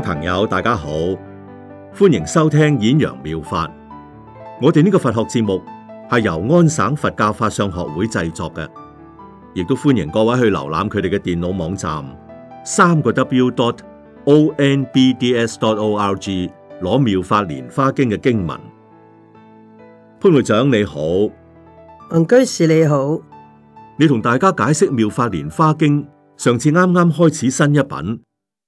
朋友，大家好，歡迎收聽演揚妙，妙法。我哋呢個佛學節目係由安省佛教法相學會製作嘅，亦都歡迎各位去瀏覽佢哋嘅電腦網站三個 w dot o n b d s dot o r g，攞妙法蓮華經嘅經文。潘會長你好，王居士你好，你同大家解釋妙法蓮華經，上次啱啱開始新一品。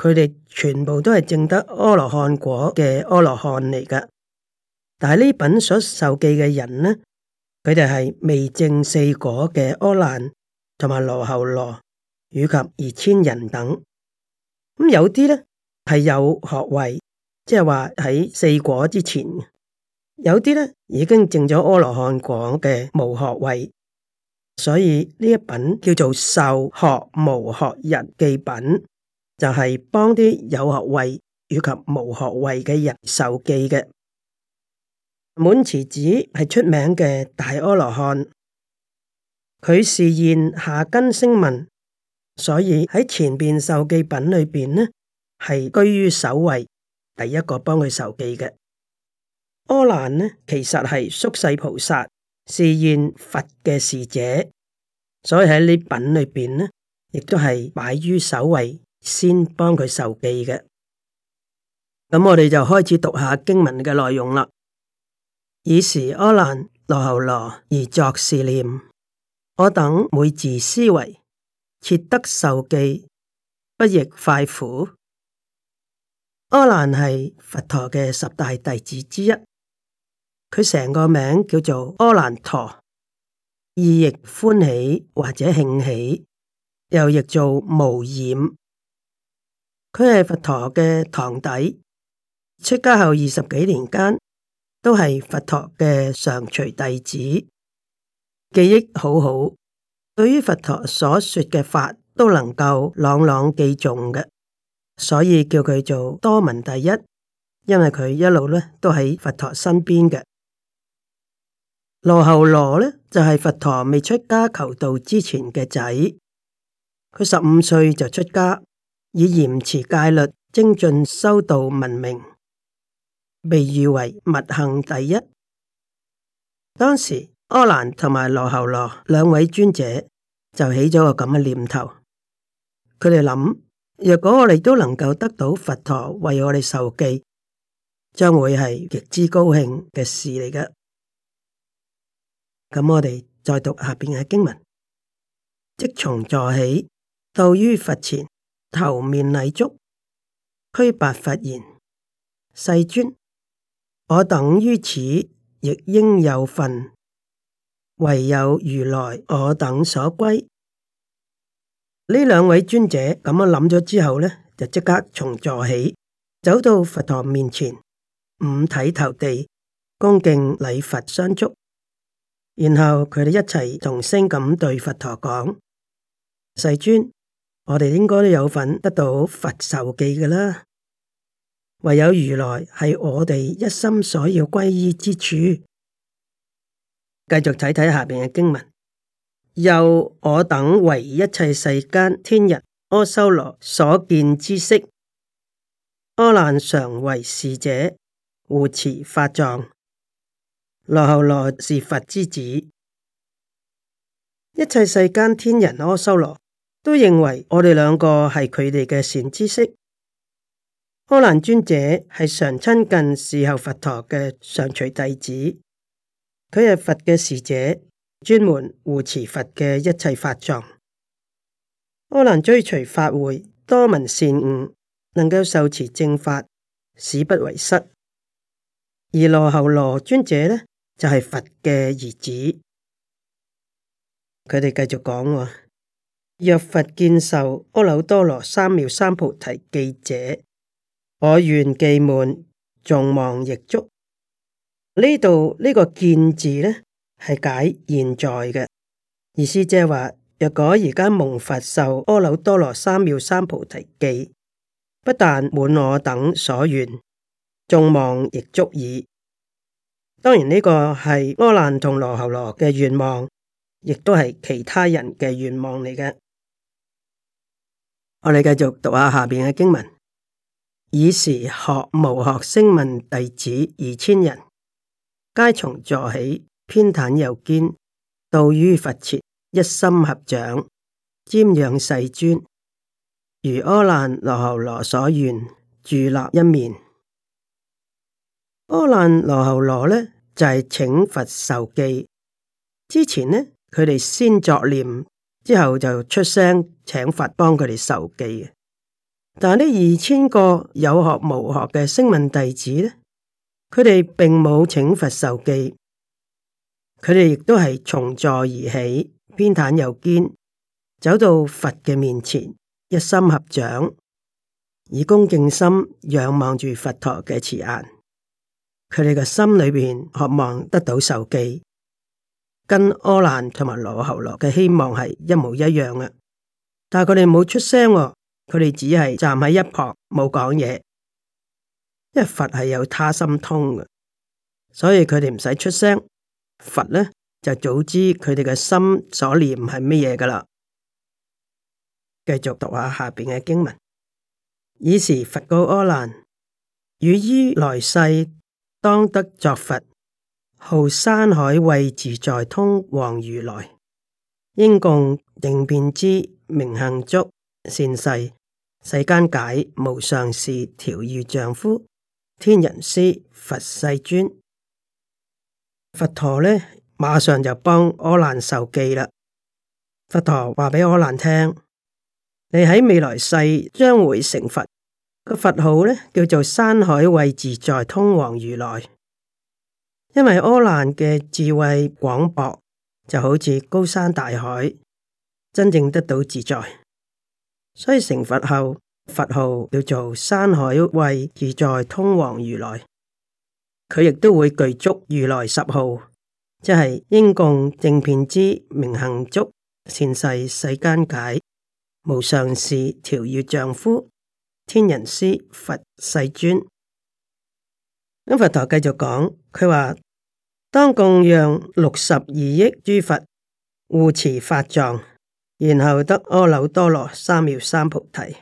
佢哋全部都係證得阿羅漢果嘅阿羅漢嚟噶，但係呢品所受記嘅人呢，佢哋係未證四果嘅阿難同埋羅侯羅以及二千人等，咁、嗯、有啲呢係有學位，即係話喺四果之前；有啲呢已經證咗阿羅漢果嘅無學位，所以呢一品叫做授學無學人記品。就係幫啲有學位以及無學位嘅人授記嘅。滿慈子係出名嘅大阿羅漢，佢示現下根聲聞，所以喺前邊授記品裏邊呢，係居於首位，第一個幫佢授記嘅。阿難呢，其實係宿世菩薩，示現佛嘅侍者，所以喺呢品裏邊呢，亦都係擺於首位。先幫佢受記嘅，咁我哋就開始讀下經文嘅內容啦。爾時阿難羅侯羅而作是念：我等每自思維，切得受記，不亦快乎。」阿難係佛陀嘅十大弟子之一，佢成個名叫做阿難陀，意亦歡喜或者慶喜，又譯做無染。佢係佛陀嘅堂弟，出家後二十幾年間都係佛陀嘅常隨弟子，記憶好好，對於佛陀所說嘅法都能夠朗朗記誦嘅，所以叫佢做多聞第一，因為佢一路都喺佛陀身邊嘅。羅侯羅呢，就係、是、佛陀未出家求道之前嘅仔，佢十五歲就出家，以嚴持戒律，精進修道聞名，被譽為物行第一。當時阿難同埋羅喉羅兩位尊者就起咗個咁嘅念頭，佢哋諗：若果我哋都能夠得到佛陀為我哋授記，將會係極之高興嘅事嚟嘅。咁我哋再讀下邊嘅經文，即從座起，到於佛前。頭面禮足，俱白佛言：世尊，我等於此亦應有份，唯有如來，我等所歸。呢兩位尊者咁樣諗咗之後呢，就即刻從座起，走到佛陀面前，五體投地，恭敬禮佛相足。然後佢哋一齊同聲咁對佛陀講：世尊。我哋應該都有份得到佛授記嘅啦，唯有如來係我哋一心所要皈依之處。繼續睇睇下邊嘅經文，又我等為一切世間天人阿修羅所見之識，阿難常為侍者護持法藏，羅睺羅是佛之子，一切世間天人阿修羅。都認為我哋兩個係佢哋嘅善知識。阿難尊者係常親近侍候佛陀嘅常隨弟子，佢係佛嘅侍者，專門護持佛嘅一切法藏。阿難追隨法會，多聞善悟，能夠受持正法，誓不為失。而羅睺羅尊者呢，就係、是、佛嘅兒子。佢哋繼續講、哦。若佛見授阿耨多羅三藐三菩提記者，我願既滿，眾望亦足。呢度呢個見字呢，係解現在嘅意思、就是，即係話若果而家蒙佛授阿耨多羅三藐三菩提記，不但滿我等所願，眾望亦足矣。當然呢個係阿難同羅睺羅嘅願望，亦都係其他人嘅願望嚟嘅。我哋繼續讀下下邊嘅經文。爾時，學無學聲聞弟子二千人，皆從座起，偏袒右肩，到於佛前，一心合掌，瞻仰世尊。如阿難羅睺羅所願，住立一面。阿難羅睺羅咧，就係、是、請佛受記之前呢，佢哋先作念。之後就出聲請佛幫佢哋受記。但呢二千個有學無學嘅聲聞弟子呢，佢哋並冇請佛受記，佢哋亦都係從座而起，偏袒右肩，走到佛嘅面前，一心合掌，以恭敬心仰望住佛陀嘅慈眼，佢哋嘅心裏邊渴望得到受記。跟阿難同埋羅喉羅嘅希望係一模一樣嘅，但係佢哋冇出聲、哦，佢哋只係站喺一旁冇講嘢，因為佛係有他心通嘅，所以佢哋唔使出聲，佛咧就早知佢哋嘅心所念係乜嘢噶啦。繼續讀下下邊嘅經文，爾時佛告阿難：，汝於來世當得作佛。號山海慧自在通王如來，應供正遍知明行足善逝，世間解無上士調御丈夫，天人師佛世尊。佛陀呢，馬上就幫阿難受記啦。佛陀話俾阿難聽：你喺未來世將會成佛，個佛號呢叫做山海慧自在通王如來。因為阿難嘅智慧廣博，就好似高山大海，真正得到自在。所以成佛後，佛號叫做山海慧自在通王如來。佢亦都會具足如來十號，即係應供正遍知明行足善逝世間解無上士調御丈夫天人師佛世尊。咁佛陀繼續講，佢話。當供養六十二億諸佛，護持法藏，然後得阿耨多羅三藐三菩提。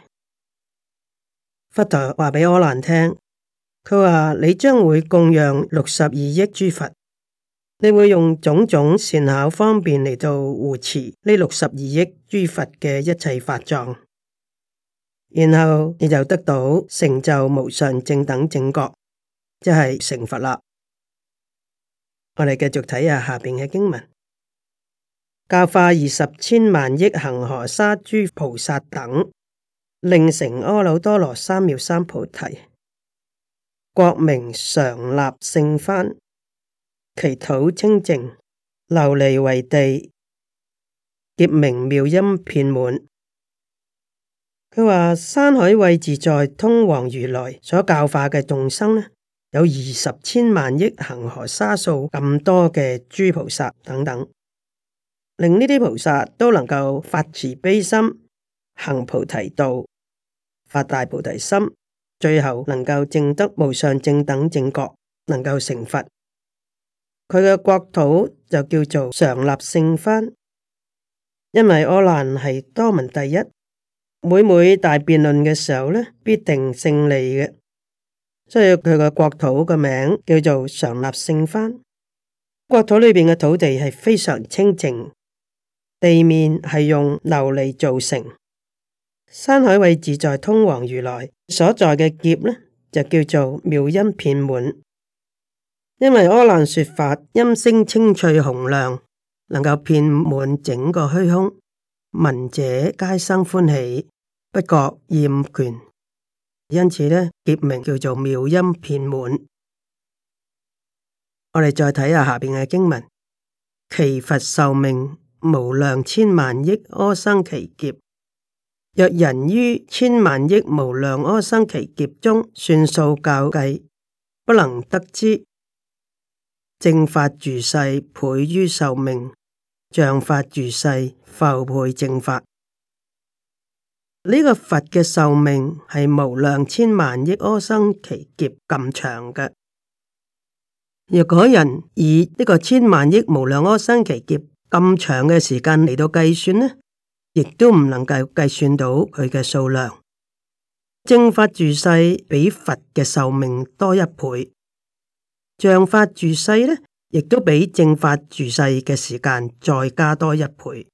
佛陀話俾阿難聽，佢話，你將會供養六十二億諸佛，你會用種種善巧方便嚟到護持呢六十二億諸佛嘅一切法藏，然後你就得到成就無上正等正覺，即係成佛啦。我哋繼續睇下下邊嘅經文，教化二十千萬億恒河沙諸菩薩等，令成阿耨多羅三藐三菩提。國名常立勝幡，其土清淨，琉璃為地，劫名妙音遍滿。佢話山海慧自在通王如來所教化嘅眾生呢？有二十千萬億恒河沙數咁多嘅諸菩薩等等，令呢啲菩薩都能夠發慈悲心，行菩提道，發大菩提心，最後能夠證得無上正等正覺，能夠成佛。佢嘅國土就叫做常立勝幡，因為阿難係多聞第一，每每大辯論嘅時候咧，必定勝利嘅。所以佢個國土個名叫做常立勝幡，國土裏面嘅土地係非常清淨，地面係用琉璃做成，山海慧自在通王如來所在嘅劫呢，就叫做妙音遍滿，因為阿難說法音聲清脆洪亮，能夠遍滿整個虛空，聞者皆生歡喜，不覺厭倦。因此呢劫名叫做妙音遍滿。我哋再睇下下邊嘅經文：其佛壽命無量千萬億阿僧祇劫。若人於千萬億無量阿僧祇劫中算數校計，不能得知正法住世倍於壽命，像法住世復倍正法。呢個佛嘅壽命係無量千萬億阿僧祇劫咁長嘅。若果人以呢個千萬億無量阿僧祇劫咁長嘅時間嚟到計算呢，亦都唔能夠計算到佢嘅數量。正法住世比佛嘅壽命多一倍，像法住世呢，亦都比正法住世嘅時間再加多一倍，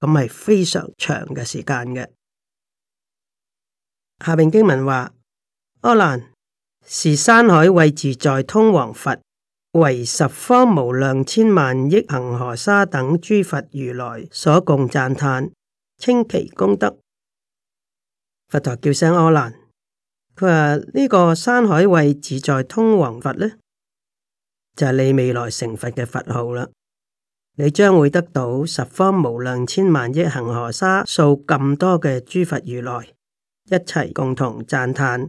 咁係非常長嘅時間嘅。下面經文話：阿難是山海慧自在通王佛，為十方無量千萬億恆河沙等諸佛如來所共讚歎，稱其功德。佛陀叫聲阿難，佢話呢個山海慧自在通王佛呢，就係、是、你未來成佛嘅佛號啦。你將會得到十方無量千萬億恆河沙數咁多嘅諸佛如來。一齊共同讚嘆，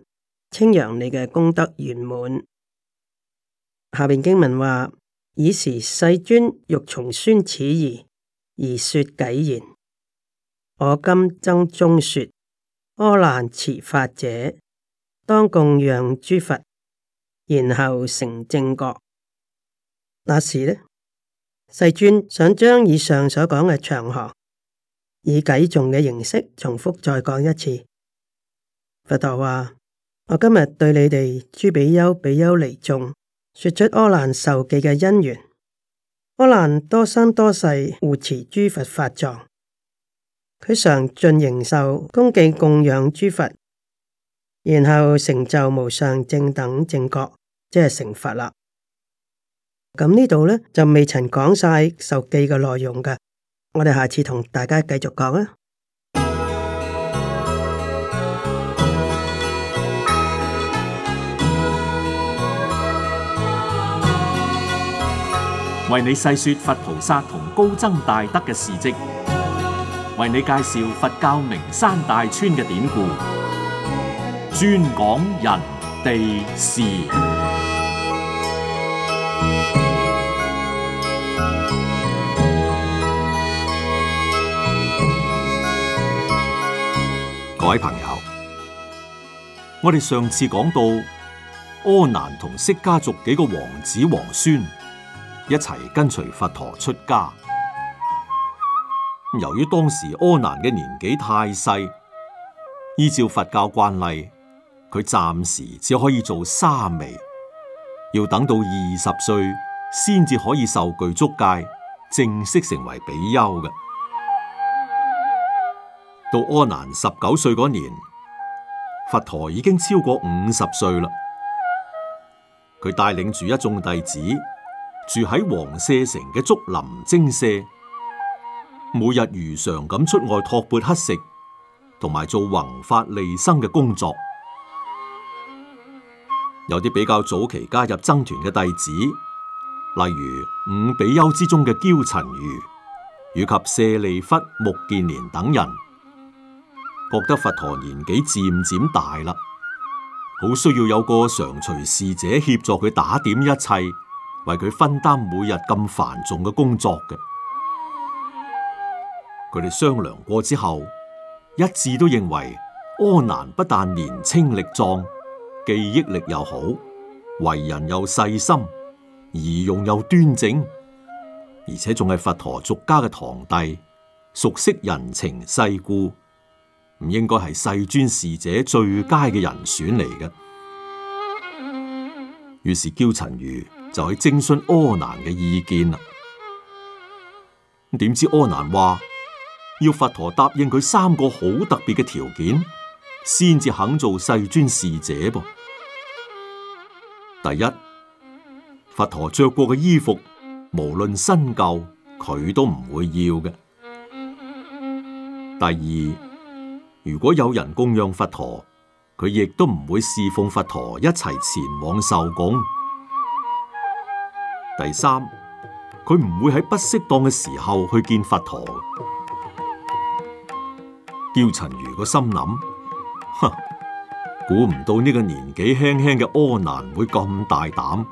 稱揚你嘅功德圓滿。下面經文話：爾時世尊欲重宣此義而,而說偈言，我今僧中說阿難持法者，當供養諸佛，然後成正覺。那時呢，世尊想將以上所講嘅長行，以偈頌嘅形式重複再講一次。佛陀話：我今日對你哋諸比丘、比丘尼眾，說出阿難受記嘅因緣。阿難多生多世護持諸佛法藏，佢常盡形壽、恭敬供養諸佛，然後成就無上正等正覺，即係成佛啦。咁呢度咧就未曾講晒受記嘅內容噶，我哋下次同大家繼續講啊。為你細說佛菩薩同高僧大德嘅事蹟，為你介紹佛教名山大川嘅典故，專講人地事。各位朋友，我哋上次講到阿難同釋迦族幾個王子皇孫，一齊跟隨佛陀出家。由於當時阿難嘅年紀太細，依照佛教慣例，佢暫時只可以做沙彌，要等到二十歲先至可以受具足戒，正式成為比丘嘅。到阿難十九歲嗰年，佛陀已經超過五十歲啦。佢帶領住一眾弟子。住喺王舍城嘅竹林精舍，每日如常咁出外托缽乞食，同埋做弘法利生嘅工作。有啲比較早期加入僧團嘅弟子，例如五比丘之中嘅憍陳如，以及舍利弗、目犍連等人，覺得佛陀年紀漸漸大啦，好需要有個常隨侍者協助佢打點一切。為佢分擔每日咁繁重嘅工作嘅，佢哋商量過之後，一致都認為阿難不但年輕力壯，記憶力又好，為人又細心，儀容又端正，而且仲係佛陀俗家嘅堂弟，熟悉人情世故，唔應該係世尊使者最佳嘅人選嚟嘅。於是憍陳如。就來徵詢阿難嘅意見啦，點知阿難話要佛陀答應佢三個好特別嘅條件，先至肯做世尊侍者噃。第一，佛陀着過嘅衣服，無論新舊，佢都唔會要嘅。第二，如果有人供養佛陀，佢亦都唔會侍奉佛陀一齊前往受供。第三，佢唔會喺不適當嘅時候去見佛陀。叫陳如個心諗，哼，估唔到呢個年紀輕輕嘅阿難會咁大膽，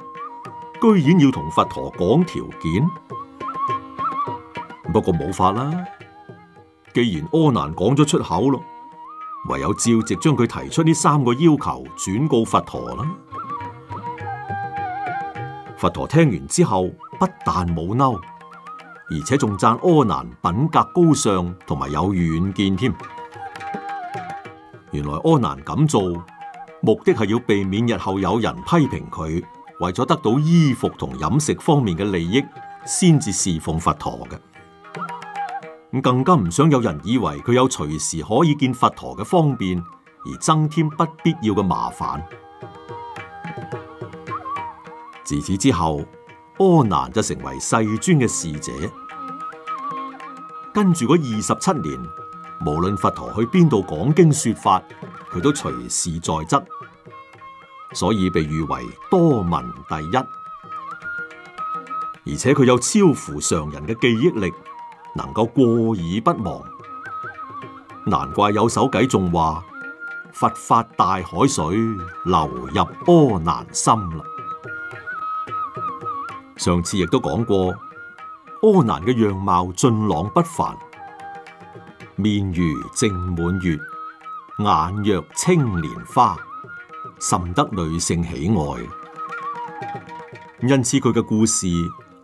居然要同佛陀講條件。不過冇法啦，既然阿難講咗出口咯，唯有照直將佢提出呢三個要求轉告佛陀啦。佛陀聽完之後，不但冇嬲，而且仲讚阿難品格高尚同埋有遠見添。原來阿難咁做，目的係要避免日後有人批評佢，為咗得到衣服同飲食方面嘅利益，先至侍奉佛陀嘅。咁更加唔想有人以為佢有隨時可以見佛陀嘅方便，而增添不必要嘅麻煩。自此之後，阿難就成為世尊嘅侍者，跟住嗰二十七年，無論佛陀去邊度講經說法，佢都隨時在側，所以被譽為多聞第一。而且佢有超乎常人嘅記憶力，能夠過耳不忘，難怪有首偈仲話：佛法大海水流入阿難心啦。上次亦都講過，阿難嘅樣貌俊朗不凡，面如淨滿月，眼若青蓮花，甚得女性喜愛。因此佢嘅故事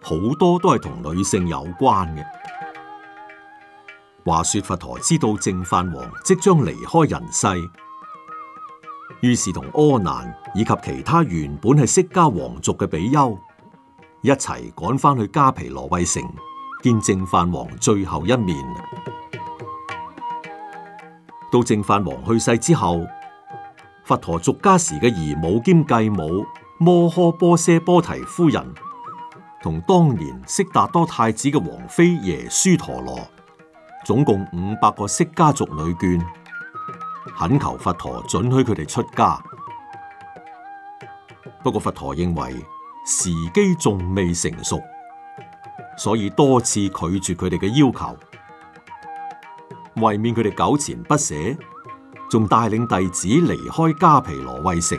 好多都係同女性有關嘅。話說佛陀知道淨飯王即將離開人世，於是同阿難以及其他原本係釋迦王族嘅比丘。一齊趕返去迦毗羅衛城見淨飯王最後一面。到淨飯王去世之後，佛陀俗家時嘅姨母兼繼母摩訶波奢波提夫人，同當年悉達多太子嘅王妃耶輸陀羅，總共五百個釋迦族女眷，懇求佛陀准許佢哋出家。不過佛陀認為。時機仲未成熟，所以多次拒絕佢哋嘅要求，為免佢哋糾纏不捨，仲帶領弟子離開加皮羅衛城，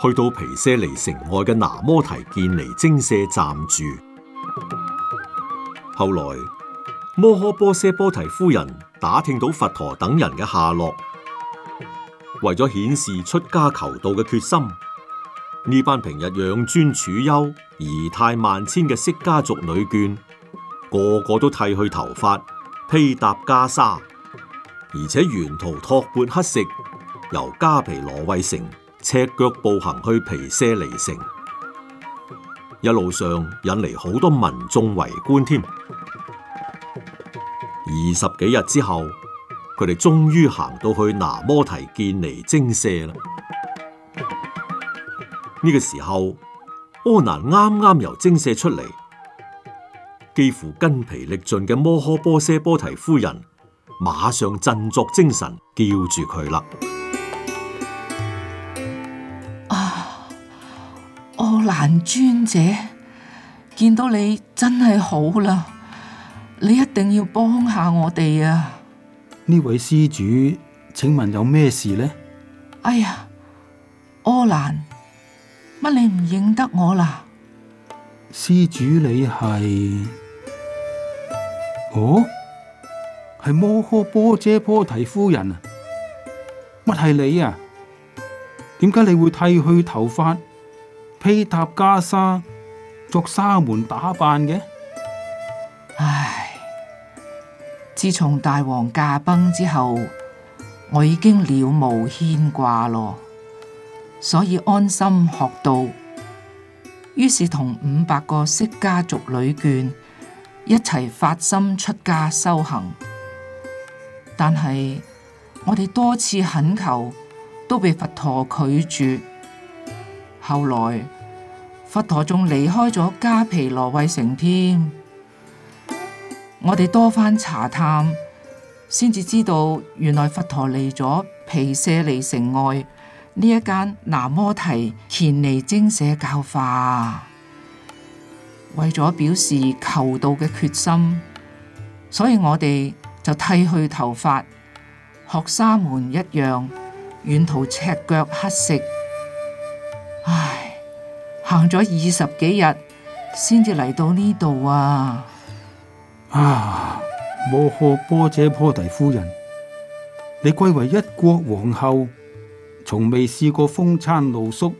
去到皮舍尼城外嘅拿摩提建尼精舍暫住。後來摩訶波舍波提夫人打聽到佛陀等人嘅下落，為咗顯示出家求道嘅決心。呢班平日養尊處優、儀態萬千嘅釋迦族女眷，個個都剃去頭髮，披搭袈裟，而且沿途托缽乞食，由迦毗羅衛城赤腳步行去毗舍離城，一路上引嚟好多民眾圍觀添。二十幾日之後，佢哋終於行到去拿摩提犍尼精舍啦。呢個時候，阿難啱啱由精舍出嚟，幾乎筋疲力盡嘅摩訶波闍波提夫人，馬上振作精神，叫住佢啦。啊，阿難尊者，見到你真係好啦，你一定要幫下我哋啊！呢位施主，請問有咩事呢？哎呀，阿難。乜你唔認得我啦？施主你係？哦，係摩訶波闍波提夫人啊！乜係你啊？點解你會剃去頭髮、披搭袈裟、作沙門打扮嘅？唉，自從大王駕崩之後，我已經了無牽掛咯。所以安心學道，於是同五百個釋迦族女眷一齊發心出家修行。但係我哋多次懇求，都被佛陀拒絕。後來佛陀仲離開咗迦毗羅衛城添。我哋多番查探，先至知道，原來佛陀嚟咗毗舍離城外。呢一間南摩提虔尼精舍教化，為咗表示求道嘅決心，所以我哋就剃去頭髮，學沙門一樣，遠途赤腳乞食。唉，行咗二十幾日，先至嚟到呢度啊！摩訶、啊啊、波者波提夫人，你貴為一國皇后。從未試過風餐露宿，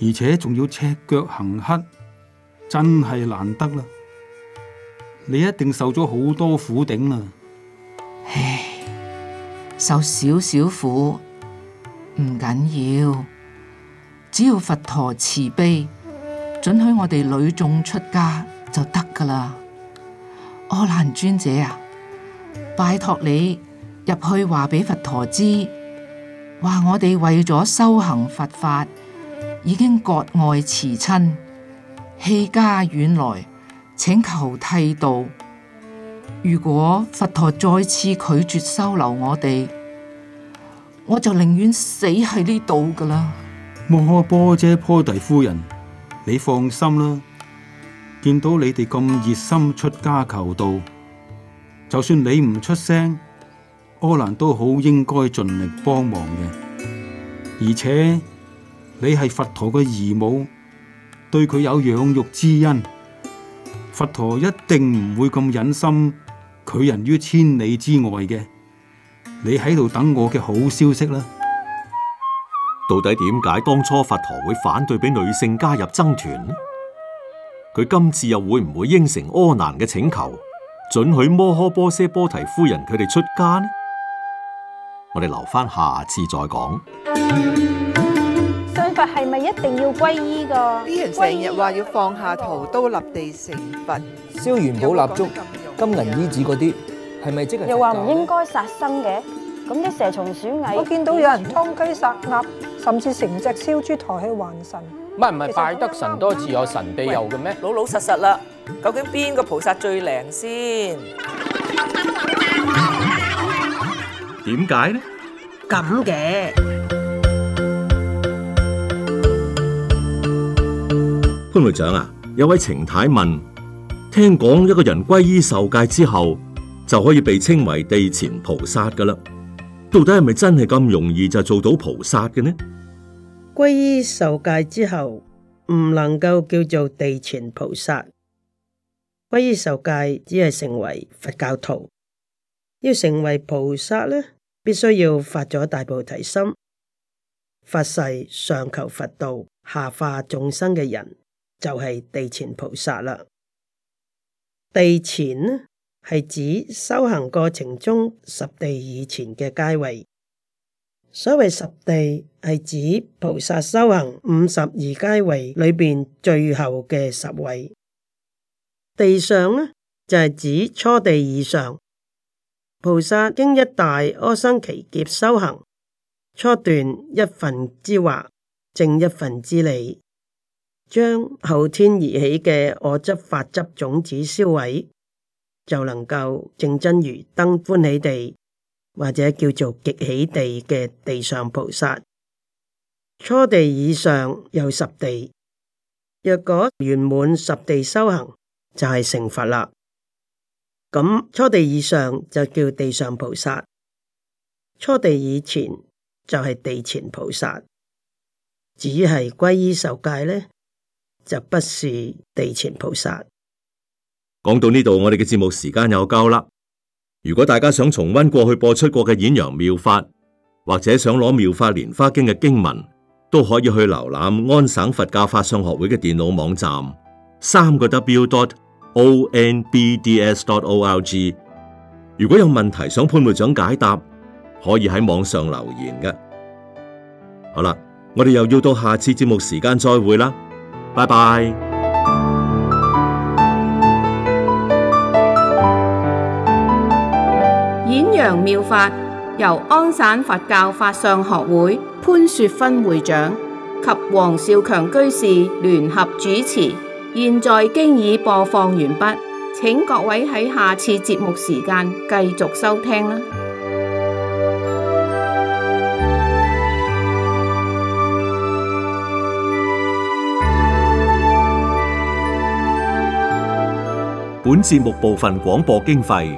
而且仲要赤腳行乞，真係難得啦！你一定受咗好多苦頂啊！唉，受少少苦唔緊要，只要佛陀慈悲準許我哋女眾出家就得噶啦。阿難尊者啊，拜託你入去話俾佛陀知。話我哋為咗修行佛法，已經割愛辭親，棄家遠來請求剃度。如果佛陀再次拒絕收留我哋，我就寧願死喺呢度㗎喇。摩訶波闍波提夫人，你放心啦，見到你哋咁熱心出家求道，就算你唔出聲。阿難都好應該盡力幫忙嘅，而且你係佛陀嘅姨母，對佢有養育之恩，佛陀一定唔會咁忍心拒人於千里之外嘅。你喺度等我嘅好消息啦。到底點解當初佛陀會反對俾女性加入僧團呢？佢今次又會唔會應承阿難嘅請求，准許摩訶波闍波提夫人佢哋出家呢？我哋留翻下次再講。信佛係咪一定要皈依噶？啲人成日話要放下屠刀立地成佛，燒元寶蠟燭、金銀衣紙嗰啲，係咪即係？又話唔應該殺生嘅，咁啲蛇蟲鼠蟻，我見到有人殺雞殺鴨，甚至成隻燒豬抬去還神。唔係唔係，拜得神多自有神庇佑嘅咩？老老實實啦，究竟邊個菩薩最靈先？點解呢？咁嘅潘會長啊，有位程太問，聽講一個人皈依受戒之後，就可以被稱為地前菩薩㗎喇。到底係咪真係咁容易就做到菩薩嘅呢？皈依受戒之後唔能夠叫做地前菩薩，皈依受戒只係成為佛教徒，要成為菩薩咧。必須要發咗大菩提心，發誓上求佛道、下化眾生嘅人，就係、是、地前菩薩啦。地前呢係指修行過程中十地以前嘅階位。所謂十地係指菩薩修行五十二階位裏邊最後嘅十位。地上呢就係、是、指初地以上。菩薩經一大阿僧祇劫修行，初斷一份之惑，正一份之理。將後天而起嘅我執、法執種子消毀，就能夠正真如登歡喜地，或者叫做極喜地嘅地上菩薩。初地以上有十地，若果圓滿十地修行，就係、是、成佛啦。咁初地以上就叫地上菩薩，初地以前就係地前菩薩，只係歸依受戒咧就不是地前菩薩。講到呢度，我哋嘅節目時間又夠啦。如果大家想重温過去播出過嘅演揚妙法，或者想攞妙法蓮花經嘅經文，都可以去瀏覽安省佛教法相學會嘅電腦網站，三個 W dot。O N B D S dot O R G，如果有問題想潘會長解答，可以喺網上留言嘅。好啦，我哋又要到下次節目時間再會啦，拜拜。演揚妙法由安省佛教法相學會潘雪芬會長及黃少強居士聯合主持。現在經已播放完畢，請各位喺下次節目時間繼續收聽啦。本節目部分廣播經費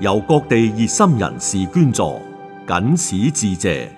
由各地熱心人士捐助，謹此致謝。